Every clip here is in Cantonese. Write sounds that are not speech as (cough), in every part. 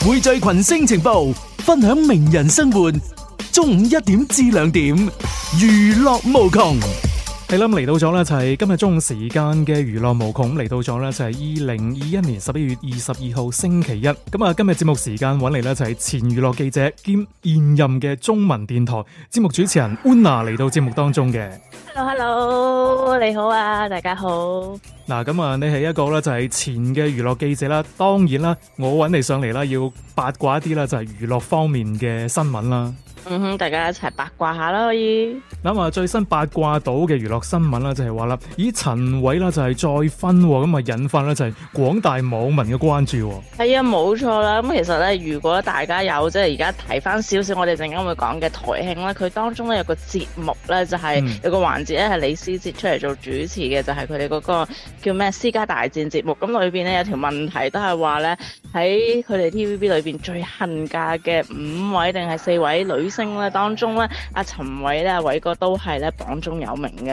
匯聚群星情報，分享名人生活。中午一點至兩點，娛樂無窮。係啦，嚟到咗呢，就係今日中午時間嘅娛樂無窮，嚟到咗呢，就係二零二一年十一月二十二號星期一。咁啊，今日節目時間揾嚟呢，就係前娛樂記者兼現任嘅中文電台節目主持人 Una 嚟到節目當中嘅。Hello，Hello，hello，你好啊，大家好。嗱，咁啊，你係一個呢，就係前嘅娛樂記者啦，當然啦，我揾你上嚟啦要八卦一啲啦，就係娛樂方面嘅新聞啦。嗯哼，大家一齊八卦下啦，可以。諗下最新八卦到嘅娛樂新聞啦，就係話啦，以陳偉啦就係再婚，咁啊引發咧就係廣大網民嘅關注。係啊，冇錯啦。咁其實咧，如果大家有即係而家提翻少少，我哋陣間會講嘅台慶啦，佢當中咧有個節目咧就係、是嗯、有個環節咧係李思捷出嚟做主持嘅，就係佢哋嗰個叫咩私家大戰節目。咁裏邊咧有條問題都係話咧喺佢哋 TVB 裏邊最恨嫁嘅五位定係四位女。星咧，當中咧，阿陳偉咧，偉哥都係咧榜中有名嘅。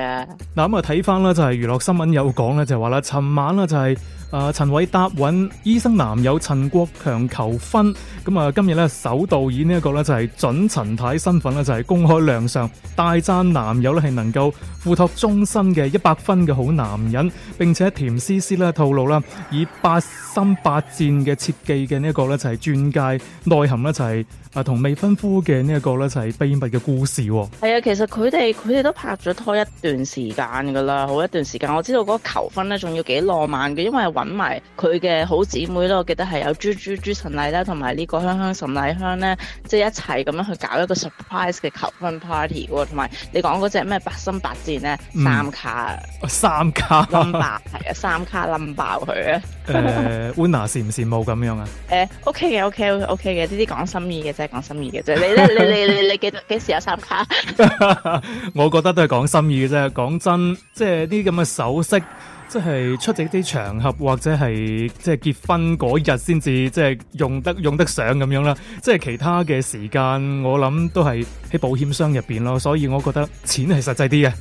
嗱，咁啊，睇翻啦，就係、是、娛樂新聞有講咧，就係話啦，尋晚咧就係、是。啊、呃！陳偉答允醫生男友陳國強求婚，咁啊，今日咧首度以呢一個咧就係準陳太身份咧就係公開亮相，大讚男友咧係能夠付託終身嘅一百分嘅好男人。並且甜絲絲咧透露啦，以八心八箭嘅設計嘅呢一個咧就係鑽戒內涵呢就係啊同未婚夫嘅呢一個咧就係秘密嘅故事。係啊，其實佢哋佢哋都拍咗拖一段時間㗎啦，好一段時間。我知道嗰個求婚呢仲要幾浪漫嘅，因為。揾埋佢嘅好姊妹咯，我記得係有朱朱朱晨麗啦，同埋呢個香香岑麗香咧，即係一齊咁樣去搞一個 surprise 嘅求婚 party 喎，同埋你講嗰隻咩八心八箭咧，三卡三卡冧爆，係啊、呃，三卡冧爆佢啊！Una 羨唔羨慕咁樣啊？誒、呃、OK 嘅，OK OK 嘅，呢啲講心意嘅啫，講心意嘅啫。你咧，你 (laughs) 你你你記得幾時有三卡？ (laughs) 我覺得都係講心意嘅啫。講真，即係啲咁嘅首飾。即係出席啲場合，或者係即係結婚嗰日先至即係用得用得上咁樣啦。即係其他嘅時間，我諗都係喺保險箱入面咯。所以我覺得錢係實際啲嘅。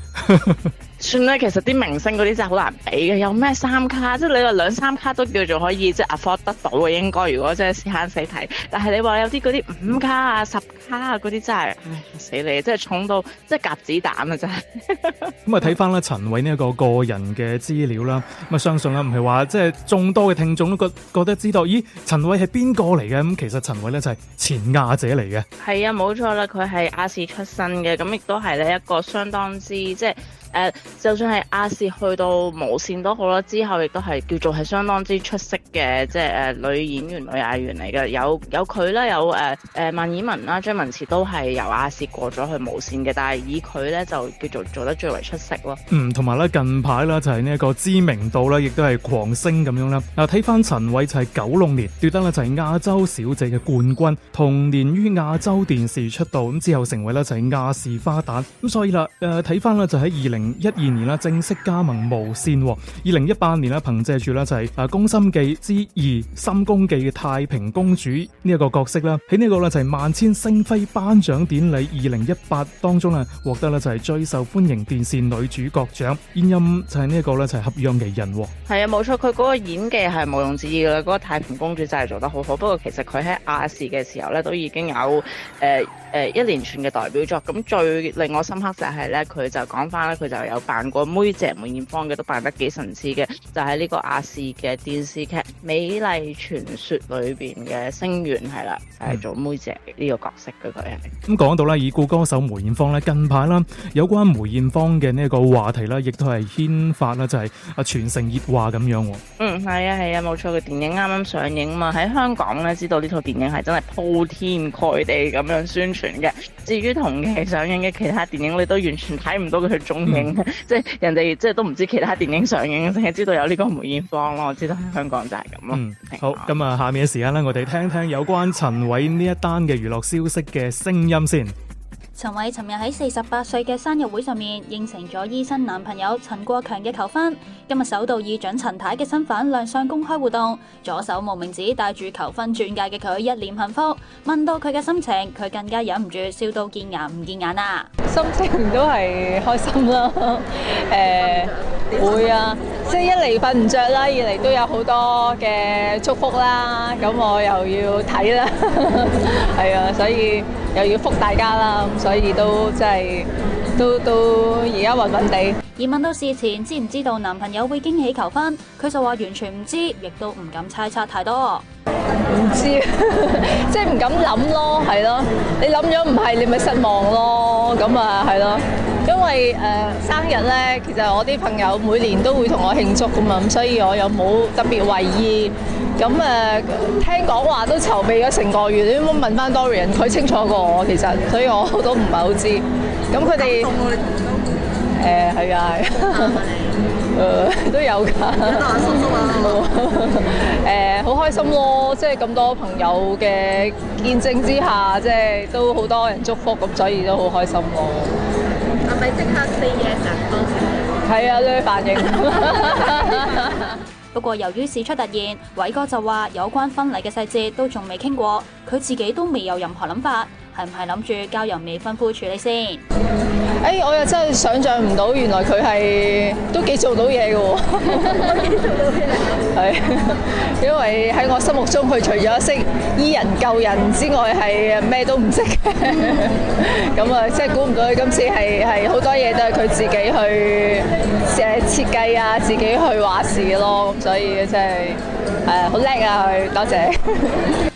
算啦，其實啲明星嗰啲真係好難比嘅。有咩三卡，即係你話兩三卡都叫做可以即係 afford 得到嘅應該。如果即係死慳死睇，但係你話有啲嗰啲五卡啊、嗯、十卡啊嗰啲真係唉死你，即係重到即係夾子彈啊！真係咁啊！睇翻咧陳偉呢一個個人嘅資料啦，咁啊相信啦，唔係話即係眾多嘅聽眾都覺覺得知道，咦？陳偉係邊個嚟嘅？咁其實陳偉咧就係前亞姐嚟嘅，係啊，冇錯啦，佢係亞視出身嘅，咁亦都係呢一個相當之即係誒，uh, 就算係亞視去到無線都好啦，之後亦都係叫做係相當之出色嘅，即係誒、呃、女演員、女藝員嚟嘅。有有佢啦，有誒誒萬綺雯啦、張文慈都係由亞視過咗去無線嘅，但係以佢咧就叫做做得最為出色咯。嗯，同埋咧近排咧就係呢一個知名度咧亦都係狂升咁樣啦。嗱、啊，睇翻陳偉就係九六年奪得咧就係亞洲小姐嘅冠軍，同年於亞洲電視出道，咁之後成為咧就係亞視花旦。咁所以啦，誒睇翻咧就喺二零零一二年啦，正式加盟無綫。二零一八年啦，憑借住啦就係《啊宮心計之二：深宮計》嘅太平公主呢一個角色啦，喺呢個咧就係萬千星輝頒獎典禮二零一八當中啦，獲得咧就係最受歡迎電視女主角獎。現任就係呢一個咧就係合約藝人。係啊，冇錯，佢嗰個演技係無庸置疑噶啦，嗰、嗰個太平公主真係做得好好。不過其實佢喺亞視嘅時候呢，都已經有誒。呃誒、呃、一連串嘅代表作，咁最令我深刻嘅係呢佢就係咧，佢就講翻咧，佢就有扮過梅姐梅艷芳嘅，都扮得幾神似嘅，就係、係、呢個亞視嘅電視劇《美麗傳說》裏邊嘅星源係啦，就係、係、做梅姐呢個角色嘅佢。咁講到啦，已故歌手梅艷芳咧，近排啦，有關梅艷芳嘅呢一個話題啦，亦都係牽發啦，就係啊全城熱話咁樣。嗯，係啊，係啊，冇錯，個電影啱啱上映嘛，喺香港咧知道呢套電影係真係鋪天蓋地咁樣宣嘅，至於同期上映嘅其他電影，你都完全睇唔到佢嘅蹤影，即係人哋即係都唔知其他電影上映，淨係知道有呢個梅艷芳咯。我知道喺香港就係咁咯。嗯，好，咁啊，下面嘅時間咧，我哋聽聽有關陳偉呢一單嘅娛樂消息嘅聲音先。陳煒尋日喺四十八歲嘅生日會上面應承咗醫生男朋友陳國強嘅求婚，今日首度以準陳太嘅身份亮相公開活動，左手無名指戴住求婚鑽戒嘅佢一臉幸福，問到佢嘅心情，佢更加忍唔住笑到見牙唔見眼啊！心情都係開心囉，誒、欸，會啊，即係一嚟瞓唔着啦，二嚟都有好多嘅祝福啦，咁我又要睇啦，係 (laughs) 啊，所以又要覆大家啦。所以都即係，都都而家暈暈哋。而問到事前知唔知道男朋友會驚喜求婚，佢就話完全唔知，亦都唔敢猜測太多。唔知，即係唔敢諗咯，係咯。你諗咗唔係，你咪失望咯。咁啊，係咯。因為誒、呃、生日呢，其實我啲朋友每年都會同我慶祝㗎嘛，所以我又冇特別為意。咁誒、呃、聽講話都籌備咗成個月，你有冇問翻 Dorian，佢清楚過我其實，所以我都唔係好知。咁佢哋誒係啊係，誒都有㗎。我擔心啊嘛，誒好、 (laughs) 呃、開心咯，即係咁多朋友嘅見證之下，即係都好多人祝福，咁所以都好開心咯。係咪即刻四野散播？係、嗯、啊，呢反應。 (laughs) (laughs) 不過由於事出突然，偉哥就話有關婚禮嘅細節都仲未傾過，佢自己都未有任何諗法。係唔係諗住交由未婚夫處理先？哎，我又真係想像唔到，原來佢係都幾做到嘢嘅喎。因為喺我心目中，佢除咗識醫人救人之外是什麼都不的、 (laughs) 嗯，係咩都唔識嘅。咁啊，即係估唔到佢今次係係好多嘢都係佢自己去誒設計啊，自己去話事咯，啊。咁所以真係誒好叻啊！佢、啊、多謝。 (laughs)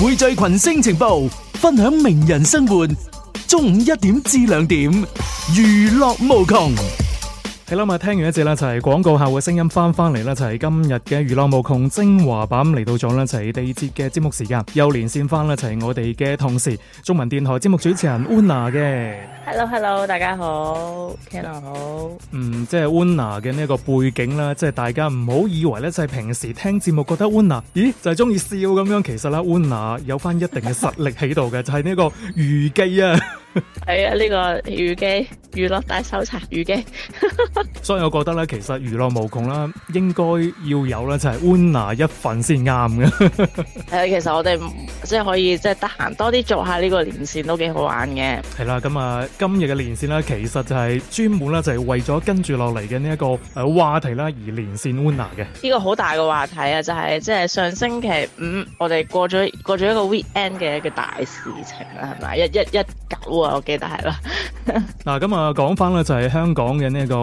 匯聚群星情報，分享名人生活。中午一點至兩點，娛樂無窮。睇啦， (music) 聽完一節啦，就係、是、廣告後嘅聲音翻翻嚟啦，就係、是、今日嘅娛樂無窮精華版嚟到咗啦，就地、是、第二節嘅節目時間，又連線翻啦，就係、是、我哋嘅同事中文電台節目主持人 Una 嘅。Hello，Hello，hello，大家好，Ken 好。Hello. 嗯，即係 Una 嘅呢個背景啦，即、就、係、是、大家唔好以為呢就係平時聽節目覺得 Una 咦就係中意笑咁樣，其實呢 Una 有翻一定嘅實力喺度嘅， (laughs) 就係呢個瑜記啊。係啊，呢、 (laughs) 這個預記娛樂大搜查預記，機 (laughs) 所以我覺得咧，其實娛樂無窮啦，應該要有咧就係 UNA 一份先啱嘅。係 (laughs) 啊，其實我哋即係可以即係得閒多啲做一下呢個連線都幾好玩嘅。係啦，咁啊今日嘅連線咧，其實就係專門咧就係為咗跟住落嚟嘅呢一個誒話題啦而連線 UNA 嘅。呢個好大嘅話題啊、就是，就係即係上星期五我哋過咗過咗一個 weekend 嘅一個大事情啦，係咪？一一一九啊！我記得係啦。嗱，咁啊，講翻咧就係、是、香港嘅呢個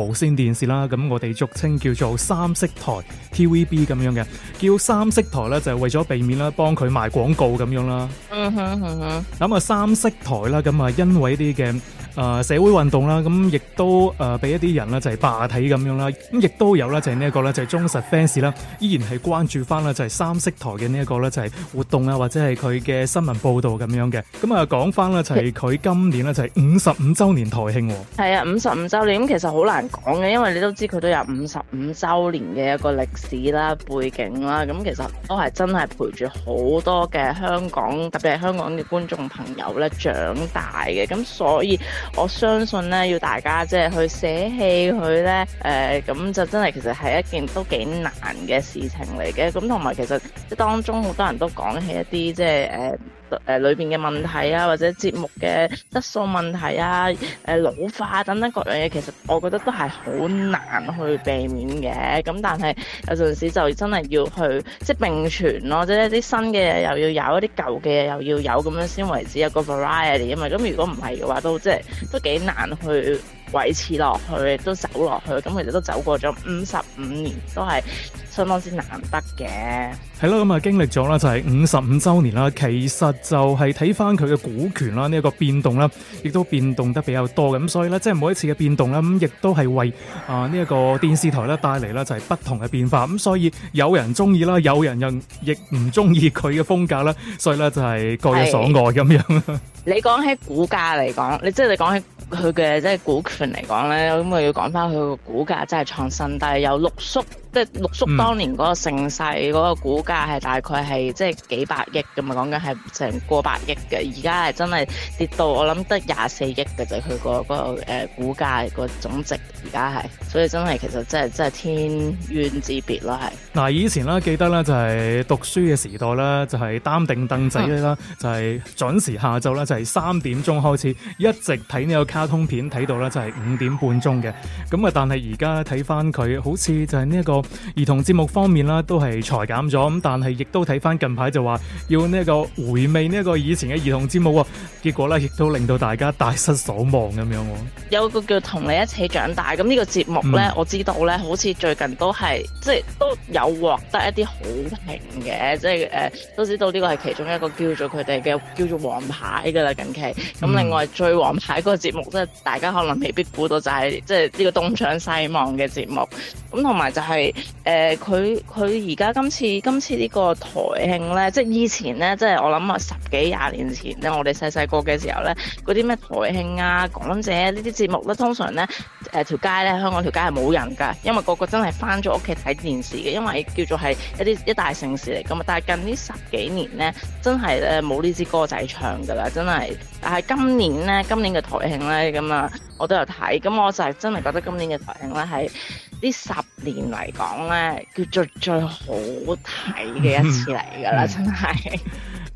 無綫電視啦。咁我哋俗稱叫做三色台 TVB 咁樣嘅，叫三色台咧就係為咗避免咧幫佢賣廣告咁樣啦、嗯。嗯哼哼。咁啊，三色台啦，咁啊，因為啲嘅。誒、呃、社會運動啦，咁、嗯、亦都誒俾、呃、一啲人啦，就係、是、霸體咁樣啦，咁亦都有啦，就係呢一個啦，就係、是、忠實 fans 啦，依然係關注翻啦，就係、是、三色台嘅呢一個啦，就係、是、活動啊，或者係佢嘅新聞報導咁樣嘅。咁、嗯就是就是、啊，講翻啦，就係佢今年啦，就係五十五週年台慶。係啊，五十五週年，咁其實好難講嘅，因為你都知佢都有五十五週年嘅一個歷史啦、背景啦，咁其實都係真係陪住好多嘅香港特別係香港嘅觀眾朋友咧長大嘅，咁所以。我相信咧，要大家即係去捨棄佢咧，誒、呃、咁就真係其實係一件都幾難嘅事情嚟嘅。咁同埋其實即當中好多人都講起一啲即係誒誒裏面嘅問題啊，或者節目嘅質素問題啊、呃，老化等等各樣嘢，其實我覺得都係好難去避免嘅。咁但係有陣時就真係要去即係並存咯，即係啲新嘅嘢又要有，一啲舊嘅嘢又要有，咁樣先為止有一個 variety 啊嘛。咁如果唔係嘅話，都即、就、係、是。都幾難去維持落去，都走落去，咁其實都走過咗五十五年，都係。相當之難得嘅，係啦咁啊！經歷咗啦，就係五十五周年啦。其實就係睇翻佢嘅股權啦，呢一個變動啦，亦都變動得比較多咁。所以咧，即係每一次嘅變動啦，咁亦都係為啊呢一個電視台咧帶嚟啦，就係不同嘅變化。咁所以有人中意啦，有人又亦唔中意佢嘅風格啦。所以咧，就係各有所愛咁樣。你講起股價嚟講，你即係你講起佢嘅即係股權嚟講咧，咁我要講翻佢個股價真係創新，但係有六叔。即係六叔當年嗰個盛世嗰個股價係大概係、嗯、即係幾百億咁啊講緊係成過百億嘅，而家係真係跌到我諗得廿四億嘅就佢、是嗰個、嗰個誒、呃、股價、個總值而家係所以真係其實真係真係天淵之別啦，係嗱以前啦記得咧就係、是、讀書嘅時代啦，就係、是、擔定凳仔啦，嗯、就係準時下晝咧就係、是、三點鐘開始，一直睇呢個卡通片睇到咧就係、是、五點半鐘嘅。咁啊，但係而家睇翻佢好似就係呢一個。兒童節目方面啦，都係裁減咗，咁但係亦都睇返近排就話要呢個回味呢個以前嘅兒童節目，結果咧亦都令到大家大失所望咁樣。有個叫同你一起長大，咁呢個節目咧，嗯、我知道咧，好似最近都係即係都有獲得一啲好評嘅，即係誒、呃、都知道呢個係其中一個叫做佢哋嘅叫做王牌㗎喇。近期咁另外最王牌的個節目即咧，大家可能未必估到，就係，就係即係呢、這個東張西望嘅節目，咁同埋就係、是。誒，佢佢而家今次今次呢個台慶呢，即係以前呢，即係我諗啊，十幾廿年前呢，我哋細細個嘅時候呢，嗰啲咩台慶啊、港姐呢啲節目咧，通常呢誒條街呢，香港條街係冇人噶，因為個個真係翻咗屋企睇電視嘅，因為叫做係一啲一大城市嚟噶嘛。但係近呢十幾年呢，真係冇呢支歌仔唱噶啦，真係。但係今年呢，今年嘅台慶呢，咁啊，我都有睇，咁我就係真係覺得今年嘅台慶呢係。呢十年嚟講，呢叫做最好睇嘅一次嚟㗎啦， (laughs) 真係。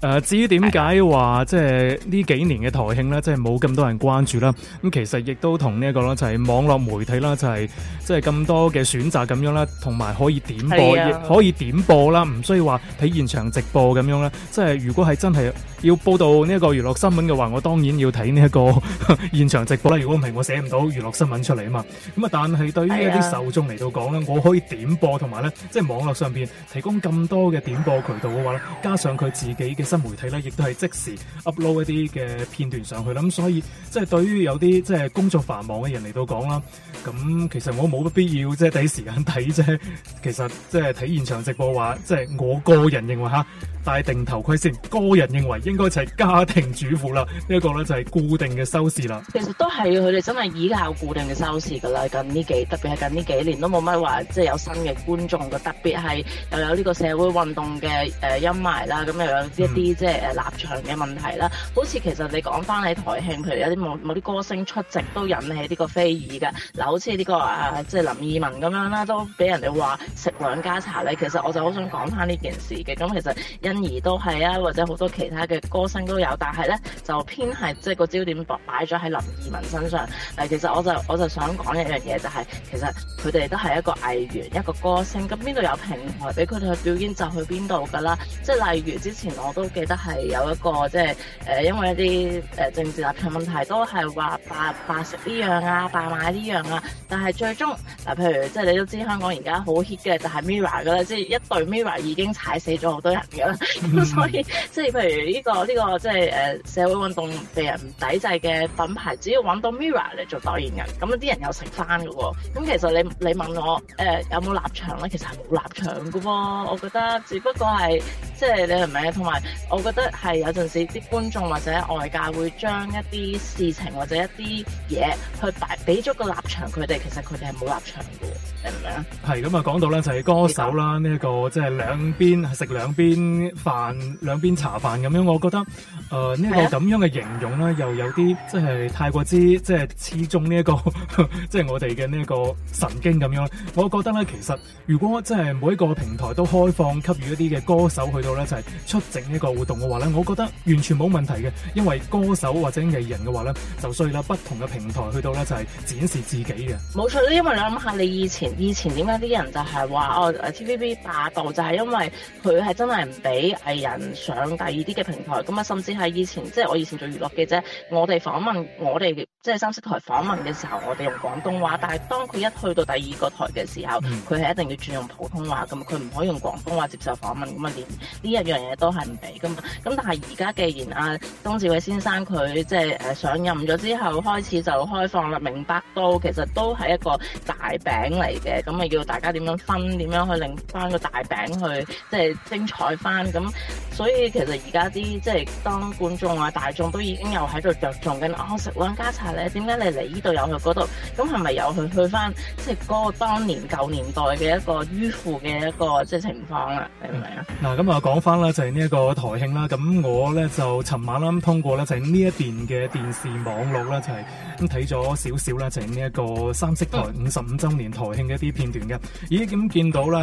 誒，至於點解話即係呢幾年嘅台慶咧，即係冇咁多人關注啦。咁其實亦都同呢一個啦，就係網絡媒體啦，就係即係咁多嘅選擇咁樣啦，同埋可以點播，的可以點播啦，唔需要話睇現場直播咁樣啦。即、就、係、是、如果係真係要報道呢一個娛樂新聞嘅話，我當然要睇呢一個 (laughs) 現場直播啦。如果唔係，我寫唔到娛樂新聞出嚟啊嘛。咁啊，但係對於一啲受眾嚟到講咧，的我可以點播同埋咧，即係、就是、網絡上面提供咁多嘅點播渠道嘅話咧，加上佢自己嘅。媒體咧，亦都係即時 upload 一啲嘅片段上去啦。咁所以，即係對於有啲即係工作繁忙嘅人嚟到講啦，咁其實我冇乜必要即係第一時間睇啫。其實即係睇現場直播話，即係我個人認為嚇。戴定頭盔先，個人認為應該就係家庭主婦啦，一、呢個咧就係固定嘅收視啦。其實都係佢哋真係依靠固定嘅收視㗎啦。近呢幾特別係近呢幾年都冇乜話即係有新嘅觀眾嘅，特別係又有呢個社會運動嘅誒、呃、陰霾啦，咁、啊、又有啲一啲即係立場嘅問題啦。好似其實你講翻喺台慶，譬如有啲某某啲歌星出席都引起呢個非議嘅。嗱、這個，好似呢個啊即係、就是、林二汶咁樣啦，都俾人哋話食兩家茶咧。其實我就好想講翻呢件事嘅。咁其實而都係啊，或者好多其他嘅歌星都有，但係咧就偏係即係個焦點擺咗喺林二汶身上。嗱，其實我就我就想講一樣嘢，就係、是、其實佢哋都係一個藝員一個歌星，咁邊度有平台俾佢哋去表演就去，就去邊度㗎啦。即係例如之前我都記得係有一個即係誒，因為一啲誒政治立場問題，都係話白白食呢樣啊，白買呢樣啊。但係最終嗱，譬如即係、就是、你都知道香港而家好 hit 嘅就係 Mirror 啦，即、就、係、是、一隊 Mirror 已經踩死咗好多人㗎啦。咁所以即係、就是、譬如呢、這個呢、這個即係誒社會運動被人抵制嘅品牌，只要揾到 mirror 嚟做代言人，咁啲人又食翻噶喎。咁其實你你問我誒、呃、有冇立場咧？其實係冇立場噶喎、哦。我覺得只不過係即係你係咪啊？同埋我覺得係有陣時啲觀眾或者外界會將一啲事情或者一啲嘢去擺俾咗個立場佢哋，他們其實佢哋係冇立場噶，係咪啊？係咁啊，講到咧就係、是、歌手啦，呢一的、這個即係兩邊食兩邊飯兩邊茶飯咁樣，我覺得誒呢、呃這個咁樣嘅形容咧，又有啲即係太過之即係刺中呢一個呵呵即係我哋嘅呢一個神經咁樣。我覺得咧，其實如果即係每一個平台都開放給予一啲嘅歌手去到咧就係、是、出席呢個活動嘅話咧，我覺得完全冇問題嘅，因為歌手或者藝人嘅話咧就需要啦不同嘅平台去到咧就係、是、展示自己嘅。冇錯，因為你諗下，你以前以前點解啲人就係話哦 TVB 霸道，就係因為佢係真係唔俾。俾藝人上第二啲嘅平台，咁啊，甚至係以前，即係我以前做娛樂記者，我哋訪問我哋，即係三色台訪問嘅時候，我哋用廣東話，但係當佢一去到第二個台嘅時候，佢係一定要轉用普通話，咁佢唔可以用廣東話接受訪問，咁啊，連呢一樣嘢都係唔俾噶嘛。咁但係而家既然阿曾志偉先生佢即係誒、呃、上任咗之後，開始就開放啦，明白到其實都係一個大餅嚟嘅，咁啊，要大家點樣分，點樣去領翻個大餅去，即係精彩翻。咁所以其實而家啲即係當觀眾啊、大眾都已經又喺度着重緊安石家咧點解你嚟呢度又去嗰度？咁係咪又去去翻即係嗰個當年舊年代嘅一個迂腐嘅一個即係情況啦？明唔明啊？嗱咁啊講翻啦，就係呢一個台慶啦。咁我咧就尋晚啦通過咧，就係、是、呢一邊嘅電視網絡咧，就係咁睇咗少少啦，就係呢一個三色台五十五週年台慶嘅一啲片段嘅。咦？點見到咧？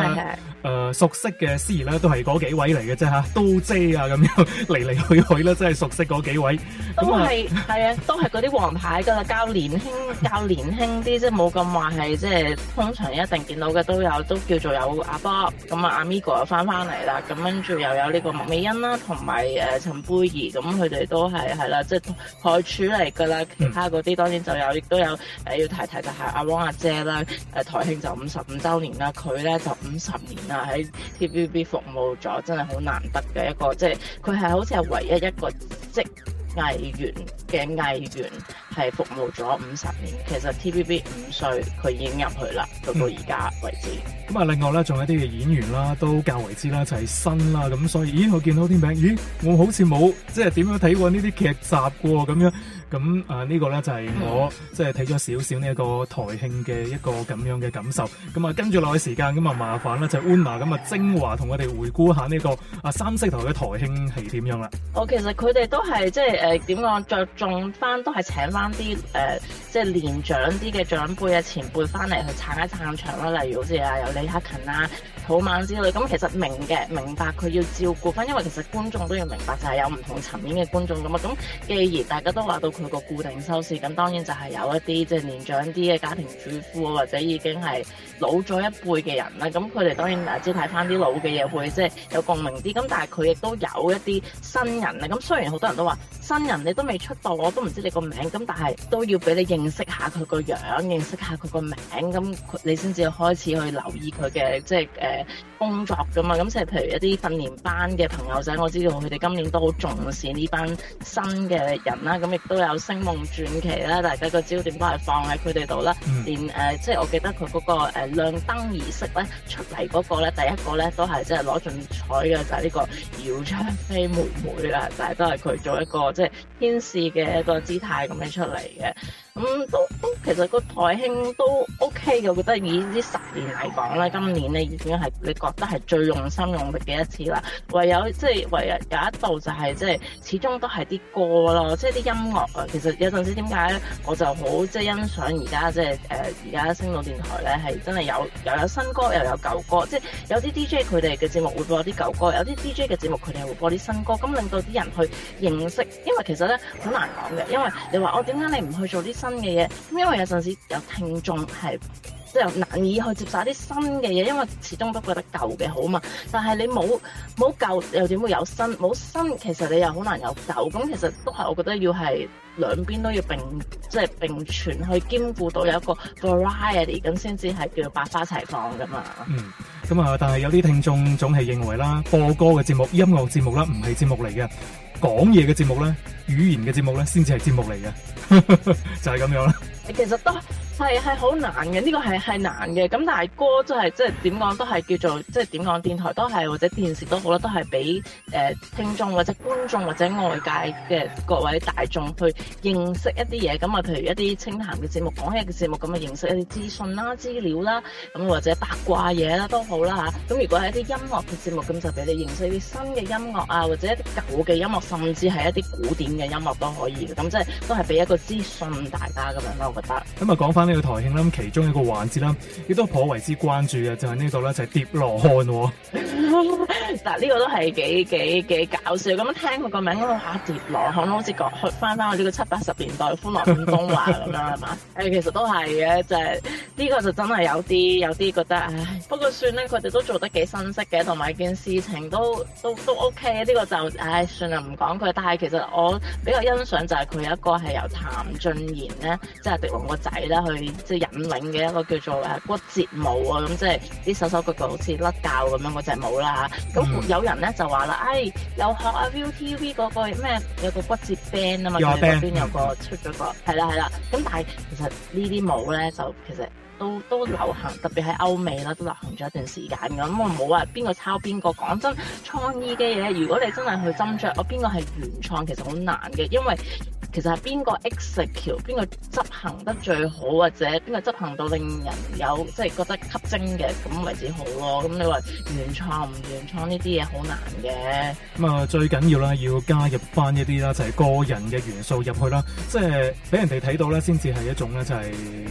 誒熟悉嘅司儀咧，都係嗰幾位嚟嘅啫嚇，都姐啊咁樣嚟嚟去去咧，真係熟悉嗰幾位。都係是係啊，是都係嗰啲黃牌。 (laughs) 比較年輕、比較年輕啲，即冇咁話係，即係通常一定見到嘅都有，都叫做有阿波咁啊，阿 Migo 又翻翻嚟啦，咁跟住又有呢個麥美恩啦，同埋誒陳貝兒，咁佢哋都係係啦，即係、就是、台柱嚟噶啦。其他嗰啲當然就有，亦都有要提提，就係阿汪阿姐啦。台慶就五十五周年啦，佢咧就五十年啦，喺 TVB 服務咗，真係好難得嘅一個，即係佢係好似係唯一一個職。即藝員嘅藝員係服務咗五十年，其實 TVB 五歲佢已經入去啦，到到而家為止。咁啊、嗯，另外咧仲有啲嘅演員啦，都較為之啦，就係、是、新啦。咁所以，咦我見到啲名，咦我好似冇即係點樣睇過呢啲劇集噶喎，咁樣。咁啊、這個、呢個咧就係、是、我、嗯、即係睇咗少少呢一個台慶嘅一個咁樣嘅感受。咁啊跟住落去時間咁啊麻煩咧就 Una 咁啊 Kenno 同我哋回顧下呢、這個啊三色台嘅台慶係點樣啦。哦，其實佢哋都係即係誒點講着重翻都係請翻啲誒即係年長啲嘅長輩啊前輩翻嚟去撐一撐，一撐一場啦。例如好似啊有李克勤啦、啊。好猛之類，咁其實明嘅明白佢要照顧返，因為其實觀眾都要明白，就係有唔同層面嘅觀眾咁啊。咁既然大家都話到佢個固定收視，咁當然就係有一啲即係年長啲嘅家庭主婦或者已經係。老咗一輩嘅人，咁佢哋當然啊，只睇翻啲老嘅嘢會即係有共鳴啲。咁但係佢亦都有一啲新人，咁雖然好多人都話新人你都未出道，我都唔知你個名。咁但係都要俾你認識下佢個樣，認識下佢個名，咁你先至開始去留意佢嘅即係呃工作噶嘛。咁即係譬如一啲訓練班嘅朋友仔，我知道佢哋今年都好重視呢班新嘅人啦。咁亦都有星夢傳奇啦，大家個焦點都係放喺佢哋度啦。連呃，即係我記得佢嗰個呃亮燈儀式呢，出嚟嗰個呢，第一個呢都係即係攞盡彩嘅就係呢個姚焯菲妹妹啦，但係都係佢做一個即係、就是、天使嘅一個姿態咁樣出嚟嘅。咁都、嗯、都，其實個台慶都 O K 嘅，我覺得以呢十年嚟講咧，今年咧已經係你覺得係最用心用力嘅一次啦。唯有即係，唯有唯有，唯一有一度就係即係，始終都係啲歌咯，即係啲音樂啊。其實有陣時點解咧，我就好即係欣賞而家即係誒，而、呃、家星島電台咧係真係有又有，有新歌又有舊歌，即、就、係、是、有啲 D J 佢哋嘅節目會播啲舊歌，有啲 D J 嘅節目佢哋係會播啲新歌，咁令到啲人去認識。因為其實咧好難講嘅，因為你話我點解你唔去做啲？新嘅嘢，因為有陣時有聽眾係即係難以去接受一啲新嘅嘢，因為始終都覺得舊嘅好嘛。但係你冇冇舊又點會有新？冇新其實你又好難有舊。咁其實都係我覺得要係兩邊都要並即係並存去兼顧到有一個 variety，咁先至係叫百花齊放㗎嘛。嗯，咁啊，但係有啲聽眾總係認為啦，播歌嘅節目、音樂節目啦，唔係節目嚟嘅。講嘢嘅節目咧，語言嘅節目咧，先至係節目嚟嘅，就係咁樣啦。其實都係係好難嘅，呢、呢個係係難嘅。咁但係歌真係即係點講都係叫做即係點講，即係、電台都係或者電視都好啦，都係俾誒聽眾或者觀眾或者外界嘅各位大眾去認識一啲嘢。咁啊，譬如一啲清談嘅節目，講起嘅節目咁啊，認識一啲資訊啦、啊、資料啦、啊，咁或者八卦嘢啦都好啦吓。咁如果係一啲音樂嘅節目，咁就俾你認識一啲新嘅音樂啊，或者一啲舊嘅音樂，甚至係一啲古典嘅音樂都可以。咁即係都係俾一個資訊大家咁樣咯。咁啊，講翻呢個台慶啦，其中一個環節啦，亦都頗為之關注嘅，就係呢度咧，就係疊羅漢喎。 (laughs) 嗱呢 (laughs) 個都係幾幾幾搞笑的，咁樣聽佢個名嗰度嚇狄龍，可能好似講去翻翻我呢個七八十年代歡樂廣東話咁樣係嘛？誒 (laughs) 其實都係嘅，就係、是、呢、這個就真係有啲有啲覺得唉，不過算啦，佢哋都做得幾新式嘅，同埋件事情都都都,都 OK。呢個就唉算啦，唔講佢。但係其實我比較欣賞就係佢有一個係由譚俊彥咧，即、就、係、是狄龍個仔咧去即係引領嘅一個叫做誒骨折舞啊，咁、嗯、即係啲手手腳腳好似甩骹咁樣嗰隻舞。好啦，咁、嗯、有人咧就話啦，哎，又學阿 ViuTV 嗰個咩，有個骨折 band 啊嘛，佢嗰、啊、邊有個出咗個，係啦係啦，咁但係其實呢啲舞咧就其實都都流行，特別喺歐美啦，都流行咗一段時間嘅，咁我冇話邊個抄邊個，講真，創意嘅嘢，如果你真係去斟酌，我邊個係原創，其實好難嘅，因為。其實係邊個 execute，邊個執行得最好，或者邊個執行到令人有即係覺得吸睛嘅咁為止好咯。咁你話原創唔原創呢啲嘢好難嘅。咁啊，最緊要啦，要加入翻一啲啦，就係個人嘅元素入去啦，即係俾人哋睇到咧，先至係一種咧，就係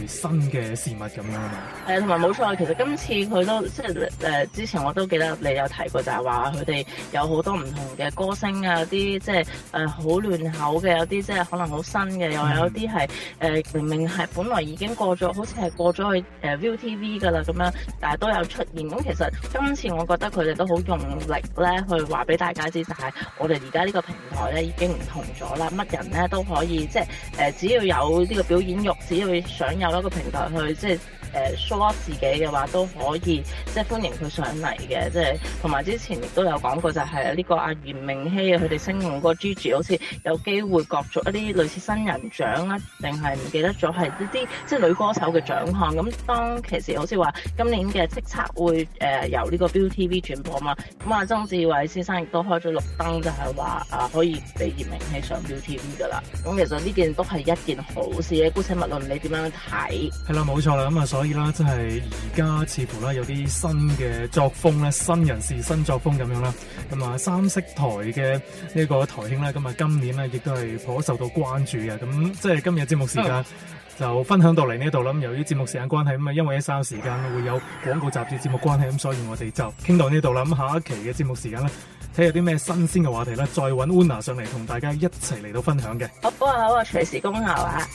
新嘅事物咁樣啊嘛。係，同埋冇錯，其實今次佢都即係誒之前我都記得你有提過，就係話佢哋有好多唔同嘅歌星啊，啲即係誒好亂口嘅，有啲即係。可能好新嘅，又有啲係誒，明明係本來已經過咗，好似係過咗去誒 ViuTV 嘅啦咁樣，但係都有出現。咁其實今次我覺得佢哋都好用力咧，去話俾大家知，就係、是、我哋而家呢個平台咧已經唔同咗啦，乜人咧都可以，即係誒、呃，只要有呢個表演欲，只要想有一個平台去，即係。誒 s、uh, 自己嘅話都可以，即係歡迎佢上嚟嘅，即係同埋之前亦都有講過、就係，就係呢個阿炎明熹啊，佢哋聲夢嗰個 Gigi 好似有機會角逐一啲類似新人獎啊，定係唔記得咗係呢啲即係女歌手嘅獎項。咁 Yeah. 當其時好似話今年嘅叱咤會誒、呃、由呢個 ViuTV 轉播嘛，咁啊曾志偉先生亦都開咗綠燈，就係、係、話啊可以俾炎明熹上 ViuTV 噶啦。咁其實呢件都係一件好事咧，姑且勿論你點樣睇。係啦、yeah,，冇錯啦，咁啊可以啦，即係而家似乎咧有啲新嘅作風咧，新人事新作風咁樣啦。咁啊，三色台嘅呢一個台慶咧，咁啊今年咧亦都係頗受到關注嘅。咁即係今日節目時間、嗯、就分享到嚟呢度啦。由於節目時間關係，咁啊因為一稍時間會有廣告雜誌節目關係，咁所以我哋就傾到呢度啦。咁下一期嘅節目時間咧，睇下啲咩新鮮嘅話題咧，再搵 Una 上嚟同大家一齊嚟到分享嘅好好。好啊好啊，隨時恭候啊！